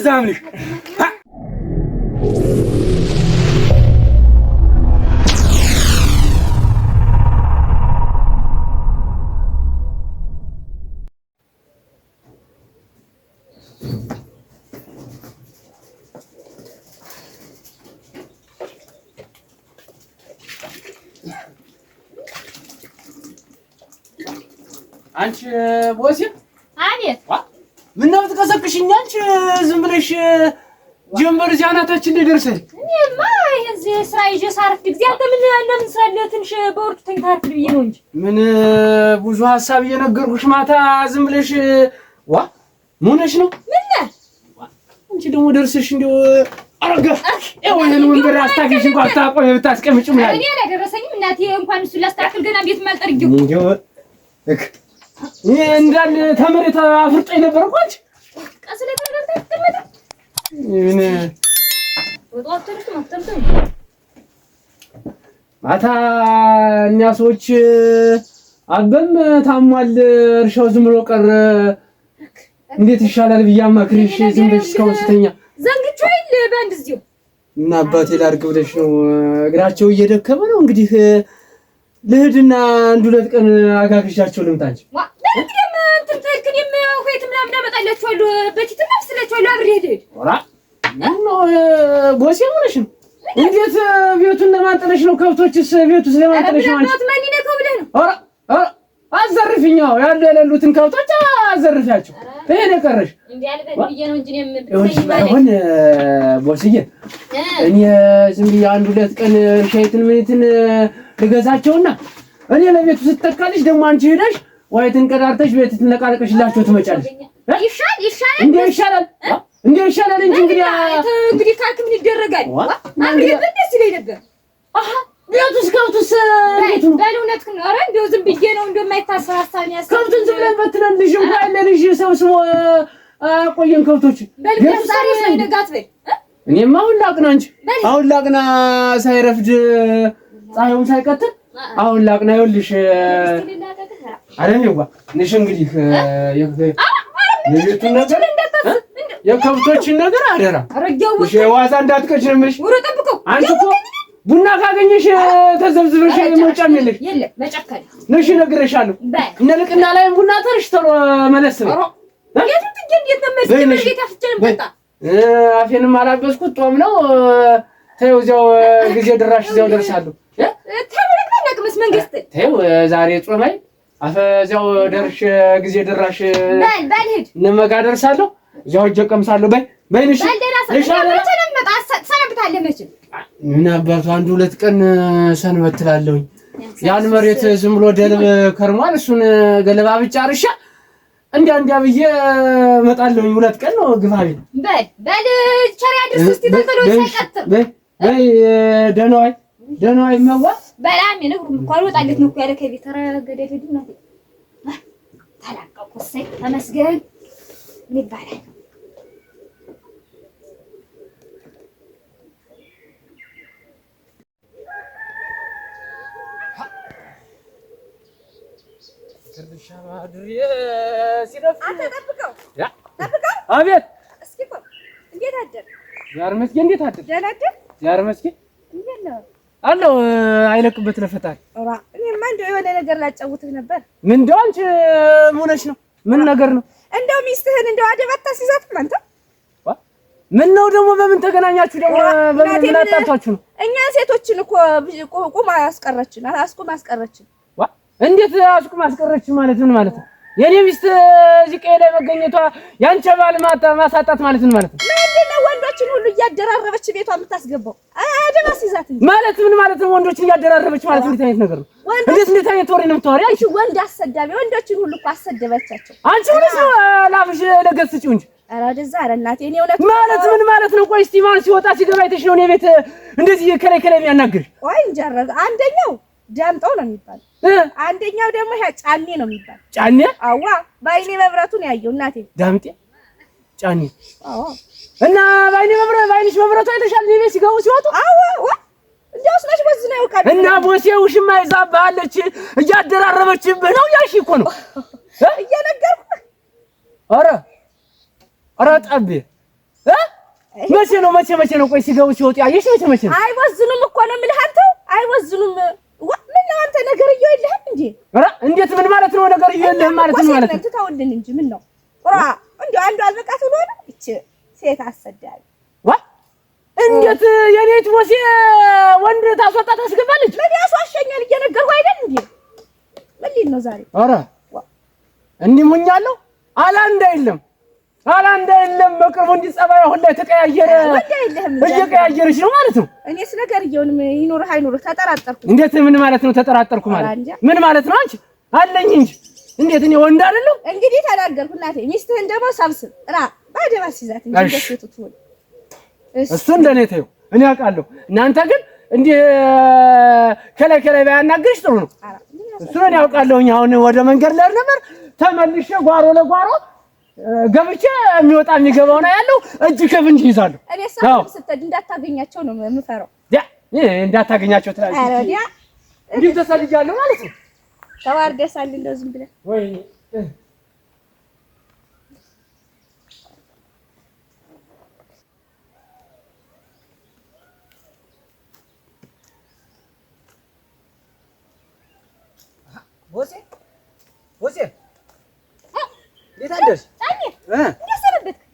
замлишь. Анче, А Аня? А? ምነው ብትቀሰቅሽኝ አንቺ ዝም ብለሽ ጀንበር እዚህ አናታችን ላይ ደርሰን። እኔማ እዚህ ስራ ይዤ ሳርፍ ጊዜ አንተ ምን ለምን ስራ ለትንሽ በወርዱ ተኝታ አርፍድ ነው እንጂ ምን ብዙ ሀሳብ እየነገርኩሽ ማታ ዝም ብለሽ ዋ መሆነሽ ነው። ምን እንጂ ደግሞ ደርሰሽ እንደው አረጋ ይሄን ወንበር አስታግሽ እንኳን አታቆም ብታስቀምጪ ምናምን እኔ አላደረሰኝም እናቴ። እንኳን እሱን ላስተካክል ገና ቤት ማልጠርጊው እንዴ ይሄ እንዳለ ተመሬት አፍርጣ የነበረ ቆንጅ ማታ እኛ ሰዎች አበም ታሟል፣ እርሻው ዝም ብሎ ቀረ፣ እንዴት ይሻላል ብዬ አማክሬሽ ዝም ብለሽ እስካሁን ስተኛ እና አባቴ ላድርግ ብለሽ ነው። እግራቸው እየደከመ ነው እንግዲህ ልሂድና አንድ ሁለት ቀን አጋግዣቸው ልምጣ እንጂ ትንተክን ከየትም ምናምን አመጣላችኋለሁ። በፊትም አብስላችኋለሁ። አብሬ ሄድ ራ ቦሴ ሆነሽ ነው። እንዴት ቤቱን ለማንጠለሽ ነው? ከብቶችስ ቤቱስ ለማንጠለሽ ነው? ማን ይነካው ብለህ ነው? አዘርፊኛ ያሉ የሌሉትን ከብቶች አዘርፊያቸው። ይሄ ነው የቀረሽ። አሁን ቦስዬ እኔ ዝም ብዬ አንድ ሁለት ቀን ሻይትን ምንትን ልገዛቸውና እኔ ለቤቱ ስትተካልሽ ደግሞ አንቺ ሄደሽ ወይ ትንቀዳርተሽ ቤት ትነቃረቀሽላችሁ ትመጫለሽ። ይሻል ይሻላል እንዴ? ይሻላል እንዴ? ይሻላል እንጂ እንግዲህ እንግዲህ ካልክ ምን ይደረጋል? አንዴ ደስ ይለኝ ነበር። አሃ ቤቱስ ከብቱስ ቤቱ በእውነት ነው። አረ እንደው ዝም ብዬ ነው እንደው የማይታሰብ ሀሳብ ነው ከብቱን ዝም ብለን በትነን ልጅ እንኳን ለልጅ ሰው ሰብስቦ አቆየን። ከብቶች ዛሬ ሳይነጋት በይ። እኔማ አሁን ላቅና እንጂ አሁን ላቅና ሳይረፍድ ፀሐዩም ሳይቀጥል አሁን ላቅና ይኸውልሽ አረኔዋ ነሽ እንግዲህ የቤቱን ነገር የከብቶችን ነገር አደራ የዋዛ እንዳትቀጭ ነው የምልሽ። አንቺ እኮ ቡና ካገኘሽ ተዘብዝበሽ መውጫም የለሽ ነሽ እነግርሻለሁ። እነ ላይም ቡና ተርሽ ተሎ መለስ አፌንም አላገዝኩት ጦም ነው። ተይው እዚያው ጊዜ ድራሽ እዚያው ደርሳለሁ። ተው ዛሬ ጾም አይደል እዚያው ደርሽ ጊዜ ደራሽ ንመጋ ደርሳለሁ። እዚያው እጄ እቀምሳለሁ። በይ በይ ንሽ ምን አባቱ አንድ ሁለት ቀን ሰንበት ትላለሁኝ። ያን መሬት ዝም ብሎ ደልብ ከርሟል። እሱን ገለባ ብቻ አርሻ እንዲ እንዲያ ብዬ እመጣለሁኝ። ሁለት ቀን ነው ግፋ ቤት በል በል ቸር ያድርስ። እስቲ ተንተሎ ይሳቀጥ በይ በይ ደህና ዋይ ደህና ዋይ መዋ በላም የነግሩም እኮ አልወጣለት ነው ያለ ከቤት ኧረ ገደል ሂድ ተላቀቁ። እሰይ ተመስገን ይባላል። አቤት እስኪ እንዴት አደርክ? ዛሬ እንዴት አደርክ? ደህና እንዴት ነው? አለው አይለቅበት ለፈጣሪ። እኔማ እንደው የሆነ ነገር ላጫውትህ ነበር። ምን እንደው አንቺ ሙነሽ ነው? ምን ነገር ነው? እንደው ሚስትህን እንደው አደብ አታስይዛትም አንተ? ምን ነው ደግሞ? በምን ተገናኛችሁ ደግሞ? በምን አጣጣችሁ ነው? እኛ ሴቶችን እኮ ቁማ አስቀረችን፣ አስቁም አስቀረችን። እንዴት አስቁም አስቀረችን ማለት ምን ማለት ነው? የኔ ሚስት እዚህ ቀይ ላይ መገኘቷ ያንቺ ባል ማሳጣት ማለት ነው ማለት ነው። ምንድን ነው ወንዶችን ሁሉ እያደራረበች ቤቷ የምታስገባው? አደባስ ይዛት ማለት ምን ማለት ነው? ወንዶችን እያደራረበች ማለት እንዴት አይነት ነገር ነው? እንዴት እንዴት አይነት ወሬ ነው የምታወሪ አንቺ? ወንድ አሰዳቢ ወንዶችን ሁሉ እኮ አሰደበቻቸው አንቺ። ሁሉ ነው ላብሽ ለገስጭው እንጂ ኧረ ወደዛ ኧረ እናቴ እኔ እውነት ማለት ምን ማለት ነው? ቆይ እስቲ ማን ሲወጣ ሲገባ አይተሽ ነው እኔ ቤት እንደዚህ ከላይ ከላይ የሚያናግርሽ? ቆይ እንጃ አንደኛው ዳምጠው ነው የሚባል። አንደኛው ደግሞ ያ ጫኔ ነው የሚባል። ጫኔ አዋ፣ በአይኔ መብረቱ ነው ያየው እናቴ። ዳምጤ ጫኔ አዋ። እና በአይኔ መብረ በአይንሽ መብረቱ አይተሻል? ሊቤ ሲገቡ ሲወጡ አዋ አዋ። እንዴው ስለሽ ወዝ ነው ያውቃል። እና ቦሴ ውሽማ ይዛ ባለች እያደራረበችብህ ነው። ያሺ እኮ ነው እየነገርኩህ። ኧረ ኧረ ጠቤ መቼ ነው መቼ መቼ ነው? ቆይ ሲገቡ ሲወጡ ያየሽ መቼ መቼ ነው? አይወዝኑም እኮ ነው የምልህ አንተው አይወዝኑም ምነው አንተ ነገርዬው የለህም እንዴ? ኧረ እንዴት ምን ማለት ነው? ነገር የለህም ማለት ነው ማለት ነው። ተውልን እንጂ ምን ነው ቁራ እንዴ አንዱ አልበቃት ብሎ እቺ ሴት አሰዳል ዋ እንዴት የኔት ወሴ ወንድ ታስወጣ ታስገባለች? ምን ያስዋሸኛል? እየነገርኩህ አይደል እንዴ? ምን ሊል ነው ዛሬ? ኧረ እንዲህ አላ እንደ ኋላ እንዳየለም በቅርቡ እንዲህ ጸባይዋ ላይ ተቀያየረ። እየቀያየረች ነው ማለት ነው። እኔስ ነገር እየውንም ይኑርህ አይኑርህ ተጠራጠርኩ። እንዴት? ምን ማለት ነው ተጠራጠርኩ ማለት ምን ማለት ነው? አንቺ አለኝ እንጂ እንዴት እኔ ወንድ አይደለሁ? እንግዲህ ተናገርኩ። እናቴ ሚስትህን ደግሞ ሰብስብ ራ ባደባ ሲዛት እንዴት ደስቱ እሱ እንደኔ ተይው። እኔ አውቃለሁ። እናንተ ግን እንዲህ ከላይ ከላይ ባያናግርሽ ጥሩ ነው። እሱን እኔ አውቃለሁኝ። አሁን ወደ መንገድ ላይ ነበር ተመልሼ ጓሮ ለጓሮ ገብቼ የሚወጣ የሚገባው ነው ያለው። እጅ ከፍንጅ ይዛሉ። እንዳታገኛቸው ነው የምፈራው። እንዳታገኛቸው ትላለች። አረዲያ ማለት ነው። ተዋርደሳል እንደው ዝም ብለህ ወይ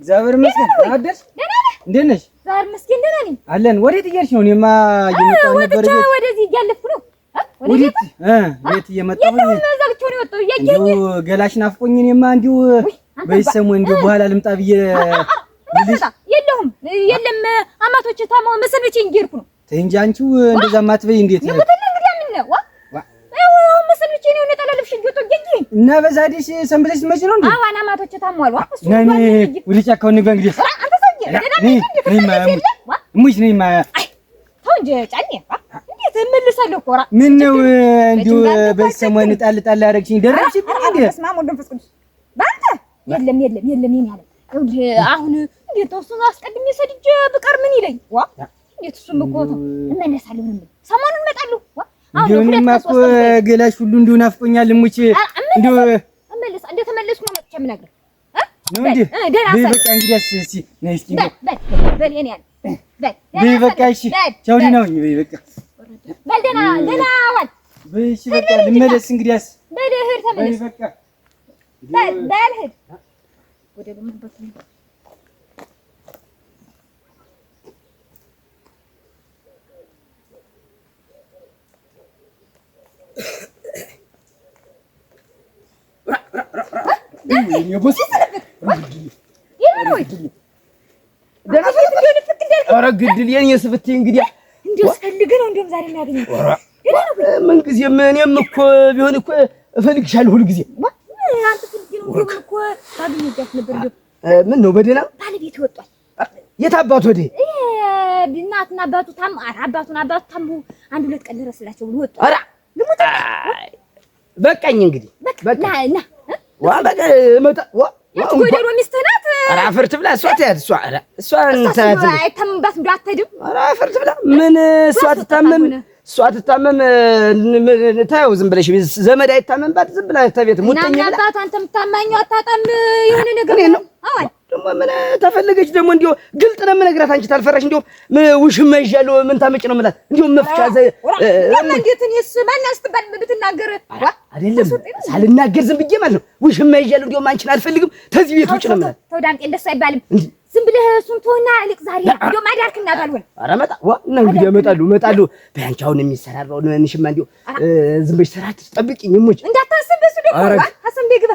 እግዚአብሔር ይመስገን አደርሽ። እንዴት ነሽ? እግዚአብሔር ይመስገን ደህና ነኝ። አለን። ወዴት እየሄድሽ ነው? እኔማ እየመጣሁ ነበር። ወደዚህ እያለፍኩ ነው። ወዴት የት እየመጣሁ ነው? እንዲሁ ገላሽ ናፍቆኝ እኔማ እንዲሁ በይሰሙ እንዲሁ በኋላ ልምጣ ብዬ የለሁም የለም አማቶች ታማ መሰንበቼ እንጂ ሄድኩ ነው። ተይ እንጂ አንቺው እንደዛ ማትበይ እንዴት ነው? እና በዛ ዲሽ ሰንብተሽ ስትመጪ ነው እንዴ? አዋና ማቶች ታሟል። እሱ ወደ ጫካው ንግባ። እንግዲህ አንተ ሰውዬ እሙሽ ነይማ። አይ ተው እንጂ ጫኔ እንዴት እመልሳለሁ እኮ። ኧረ ምን ነው እንዲሁ በዚህ ጣል ጣል አደረግሽኝ። ደረብሽብኝ እንዴ? በስመ አብ ወወልድ ወመንፈስ የለም የለም የለም የኔ አለ አሁን እንዴት ተው አስቀድሜ ሰድጄ ብቀር ምን ይለኝ? ዋ እንዴት እሱም እኮ እመለሳለሁ። ሰሞኑን እመጣለሁ። ዋ አሁን ሁለት ገላሽ ሁሉ እንዲሁ ናፍቆኛል እሙች እንዴ አመለስ እንዴ ተመለስ ነው መጥቼ የምነግርህ ነው እንዴ በይ በቃ እንግዲያስ እስኪ ነይ እስኪ በል በል የኔ ያለ በል በይ በቃ እሺ ቻው ዲና ሁኚ በይ በቃ በል ደህና ደህና ዋል በይ እሺ በቃ ልመለስ እንግዲያስ በል እህድ ተመለስ በይ በቃ በል በል እህድ ወደ ልምበት Yeah. ኧረ ግድል የኔ ስብቴ እንግዲያ እንደው ስፈልግ ነው እንደውም ዛሬ የሚያገኘው ምን ጊዜም እኔም እኮ ቢሆን እኮ እፈልግሻለሁ ሁልጊዜ ምን ነው በደህና ባለቤት ወጧል የት አባቱ ወደ እናትና አባቱ ታም አባቱን አባቱ ታም አንድ ሁለት ቀን ደረስላቸው ብሎ ወጧል በቃኝ እንግዲህ በቃ ዋ በቃ እሷ ትያት እሷ ኧረ እሷ እንትን አይታመምባት እንደው አትሄድም። ኧረ አፈር ትብላ ምን እሷ ትታመም እሷ ትታመም ታየው ዝም ብለሽ ዘመድ አይታመምባት ዝም ብላ ተቤት ሙጥኝ ብላ እናት አባቷን አንተ የምታማኘው አታጣም የሆነ ነገር ነው። አዎ ደግሞ ምን ተፈለገች ደግሞ? እንዲሁ ግልጥ ነው የምነግራት። አንቺ ታልፈራሽ። እንዲሁ ውሽማ ይዣለሁ ምን ታመጭ ነው የምላት። እንዲሁ መፍቻ ዘ እንዴት እኔስ ማን አስትባል ብትናገር አይደለም ሳልናገር ዝም ብዬ ማለት ነው። ውሽማ ይዣለሁ እንዲሁ አንቺን አልፈልግም ተዚህ ቤት ውጭ ነው የምላት። ተው ዳምጤ፣ እንደሱ አይባልም። ዝም ብለህ እሱን ትሆና ልቅ ዛሬ እንዲሁ ማዳርክና ባልሆነ ኧረ መጣ ዋ እና እንግዲህ እመጣለሁ እመጣለሁ። በይ አንቺ አሁን የሚሰራራው እንሽማ እንዲሁ ዝም ብለሽ ስራ አትጠብቂኝ። ሙጭ እንዳታስብ እሱ ደግሞ ሀሰን ቤግባ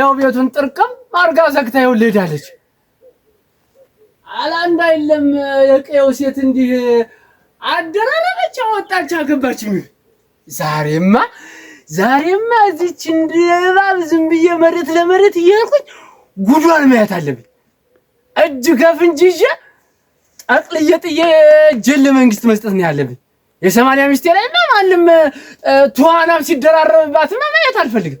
ያው ቤቱን ጥርቅም አርጋ ዘግታ ይወለዳለች። አላንዳ የለም የቀየው ሴት እንዲህ አደራረበች፣ አወጣች፣ አገባች የሚል ዛሬማ ዛሬማ እዚች እንደባብ ዝም ብዬ መሬት ለመሬት እየሄድኩኝ ጉዷን ማየት አለብኝ። እጅ ከፍንጅ ይዤ ጠቅልዬ ጥዬ እጄን ለመንግስት መስጠት ነው ያለብኝ። የሰማንያ ሚስቴ ላይ እና ማንም ተዋናም ሲደራረብባትማ ማየት አልፈልግም።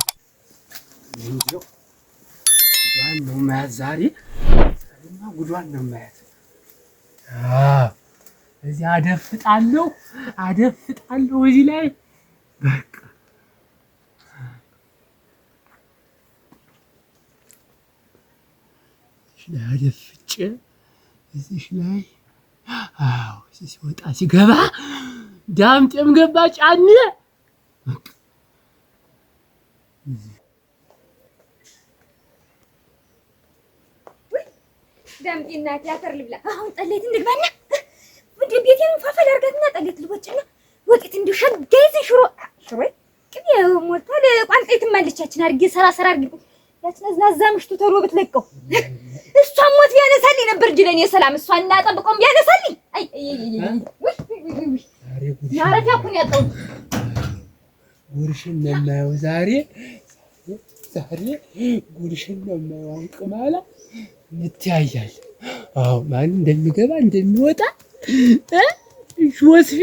እንዲያው ጉዷን ነው የማያት ዛሬ። ዛሬማ ጉዷን ነው የማያት። እዚህ አደፍጣለሁ አደፍጣለሁ እዚህ ላይ በቃ እዚህ ላይ ሲወጣ ሲገባ ዳምጤም ገባ ጫኔ ዳምጤ እናቴ ልብላ። አሁን ጠሌት እንድግባና ወደ ቤቴ ፋፈል አድርጋትና ጠሌት ልቦጭና ወቂት እንዲሁ ሸጋ ሽሮ ሽሮ ቅቤ ሞልቷል። ቋንጣይት ማለቻችን አርጊ ሰራ ሰራ አርጊ ያችን አዝናዛ ምሽቱ ተሎ ብትለቀው እሷ ሞት ቢያነሳልኝ ነበር ጅለን የሰላም እሷ እና ጠብቆም ቢያነሳልኝ አይ ማረፊያ እኮ ያጠው ያጣሁት። ጉርሽን ነው ዛሬ ዛሬ ጉልሽን ነው የማይዋንቅ ማላ እንተያያለን። አዎ ማን እንደሚገባ እንደሚወጣ ወስፌ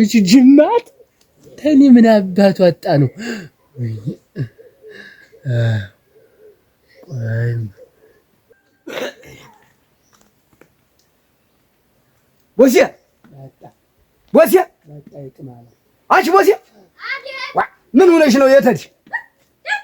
ይች ጅማት ተኔ ምን አባቱ አጣ ነው። ቦሴ ቦሴ አንቺ ቦሴ ምን ሆነሽ ነው የተድሽ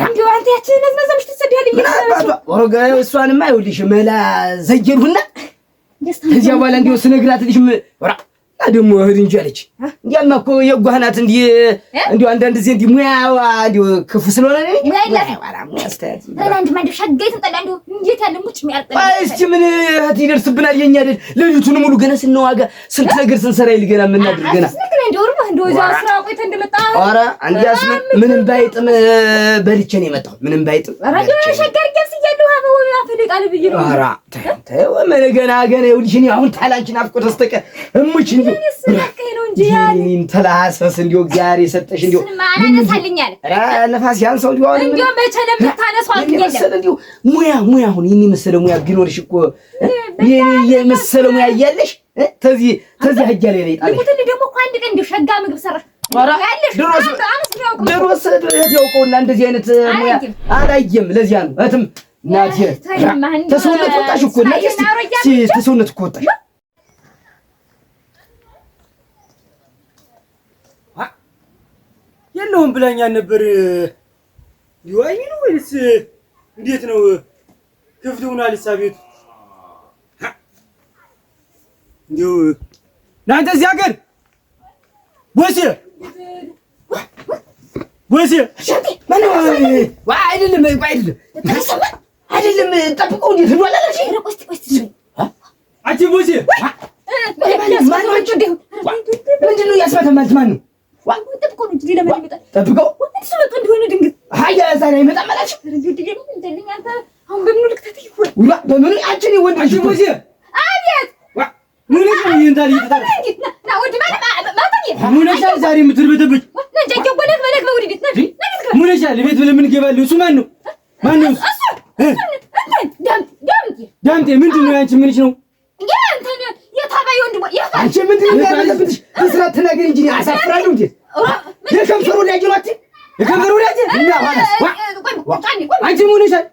እንዲሁ አንተ እሷንማ ይኸውልሽ መላ ዘየድሁና ከዚያ በኋላ እንዲሁ ስነግራት ልሽ ደግሞ እህድ እንጂ አለች። እንዲያማ እኮ የዋህ እንዲህ እንዲሁ አንዳንድ ጊዜ እንዲህ ሙያዋ እንዲሁ ክፉ ስለሆነ እስኪ ምን እህት ይደርስብናል። የኛ አይደል ሌሊቱን ሙሉ ገና ስንዋጋ ስንት ነገር ስንሰራ ይል ገና የምናድር ገና ኧረ እንዲያስ ምንም ባይጥም በልቼ ነው የመጣሁት። ምንም ባይጥም ገና ገና ይኸውልሽ እኔ አሁን ታላንቺን አፍቆት አስተቀ እሙችን ተላሰስ እንዲሁ እግዚአብሔር የሰጠሽ እንዲሁ አላነሳልኛል ነፋስ ያን እንዲሁ አሁን እንዲሁ መቼ ለምታነሳው የመሰለ እንዲሁ ሙያ ሙያ አሁን ይህን የመሰለ ሙያ ቢኖርሽ እኮ የመሰለ ሙያ እያለሽ ተዚህ ተዚህ ሀጃ ላይ ጣለሽ እንትን ደግሞ እኮ አንድ ቀን እንዲሁ ሸጋ ምግብ ሰራሽ ለዚያ ነው እህትም ናት ተሰውነት ወጣሽ እኮ ተሰውነት እኮ ወጣሽ አይደለሁም ብላኛ ነበር። ሊዋኝ ነው ወይስ እንዴት ነው? ክፍት ሆኗል እሳ ቤቱ እንዲው እናንተ እዚህ ሀገር ቦሴ ቦሴ አይደለም አይደለም አይደለም እንዴት ነው አላለሽ? አንቺ ቦሴ ምንድን ነው እያስማተማት ማን ነው ጠብቀው እንደሆነ ድንገት ዛሬ አይመጣም አላችሁ? አንቺ ሙንሻል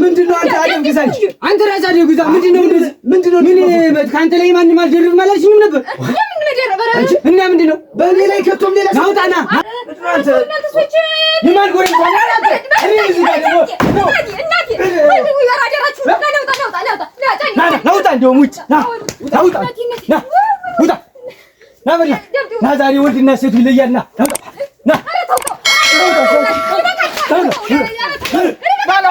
ምንድን አንተ አደንግዛች አንተ ራስህ አደንግዛ ምንድን ነው ምንድን ምን ከአንተ ላይ ማንም አልደርብም አላልሽኝም ነበር እና ምንድን ነው በእኔ ላይ ከቶም ሌላ ሳውጣና ይማን ጎረ ናውጣ እንደውም ውጭ ናውጣ ና ዛሬ ወንድና ሴቱ ይለያልና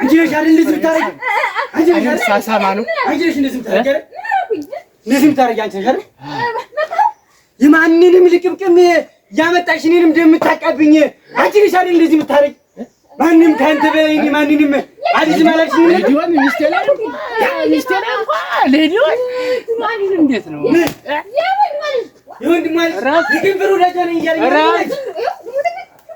አንቺ ነሽ አይደል እንደዚህ የምታረጊ? አንቺ ነሽ አይደል ሳሳማ ነው። አንቺ ነሽ እንደዚህ የምታረጊ እንደዚህ የምታረጊ አንቺ ነሽ አይደል? የማንንም ልቅምቅም ያመጣሽ እኔንም እንደምታቃብኝ አንቺ ነሽ አይደል እንደዚህ የምታረጊ? ማንም ከአንተ በላይ ማንንም አዲስ ማላችሁ ምን ሊሆን ሚስተላሉ ሚስተላሉ ለዲዮን ማንን እንዴት ነው? ይሁን ማለት ይሁን ማለት ይሁን ማለት